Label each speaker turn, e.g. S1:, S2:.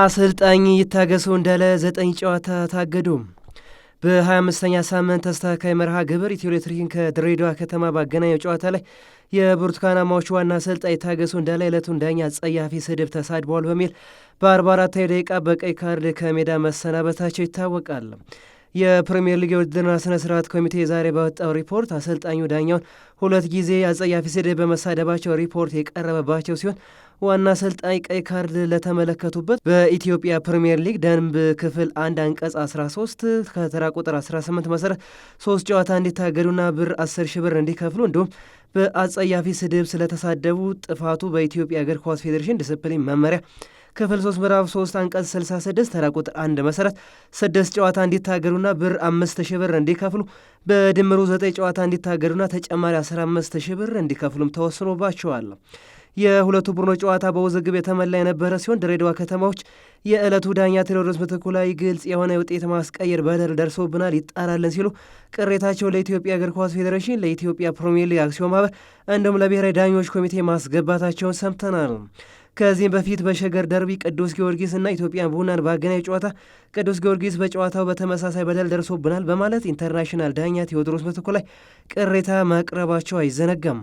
S1: አሰልጣኝ ይታገሱ እንዳለ ዘጠኝ ጨዋታ ታገዱ። በ25ኛ ሳምንት ተስተካካይ መርሃ ግብር ኢትዮ ኤሌክትሪክን ከድሬዳዋ ከተማ ባገናኘው ጨዋታ ላይ የብርቱካናማዎቹ ዋና አሰልጣኝ ይታገሰው እንዳለ ዕለቱን ዳኛ ጸያፊ ስድብ ተሳድበዋል በሚል በ44 ደቂቃ በቀይ ካርድ ከሜዳ መሰናበታቸው ይታወቃል። የፕሪምየር ሊግ የውድድርና ስነ ስርዓት ኮሚቴ ዛሬ ባወጣው ሪፖርት አሰልጣኙ ዳኛውን ሁለት ጊዜ አጸያፊ ስድብ በመሳደባቸው ሪፖርት የቀረበባቸው ሲሆን ዋና አሰልጣኝ ቀይ ካርድ ለተመለከቱበት በኢትዮጵያ ፕሪምየር ሊግ ደንብ ክፍል አንድ አንቀጽ 13 ከተራ ቁጥር 18 መሰረት ሶስት ጨዋታ እንዲታገዱና ብር 10 ሺ ብር እንዲከፍሉ እንዲሁም በአጸያፊ ስድብ ስለተሳደቡ ጥፋቱ በኢትዮጵያ እግር ኳስ ፌዴሬሽን ዲስፕሊን መመሪያ ክፍል 3 ምዕራፍ 3 አንቀጽ 66 ተራ ቁጥር 1 መሰረት ስድስት ጨዋታ እንዲታገዱና ብር 5000 ብር እንዲከፍሉ በድምሩ 9 ጨዋታ እንዲታገዱና ተጨማሪ 15000 ብር እንዲከፍሉም ተወስኖባቸዋል። የሁለቱ ቡድኖች ጨዋታ በውዝግብ የተመላ የነበረ ሲሆን ድሬዳዋ ከተማዎች የዕለቱ ዳኛ ቴዎድሮስ ምትኩ ላይ ግልጽ የሆነ የውጤት ማስቀየር በደል ደርሶብናል ይጣራለን ሲሉ ቅሬታቸው ለኢትዮጵያ እግር ኳስ ፌዴሬሽን፣ ለኢትዮጵያ ፕሪሚየር ሊግ አክሲዮን ማህበር እንዲሁም ለብሔራዊ ዳኞች ኮሚቴ ማስገባታቸውን ሰምተናል። ከዚህም በፊት በሸገር ደርቢ ቅዱስ ጊዮርጊስ እና ኢትዮጵያ ቡናን ባገናኝ ጨዋታ ቅዱስ ጊዮርጊስ በጨዋታው በተመሳሳይ በደል ደርሶብናል በማለት ኢንተርናሽናል ዳኛ ቴዎድሮስ ምትኩ ላይ ቅሬታ ማቅረባቸው አይዘነጋም።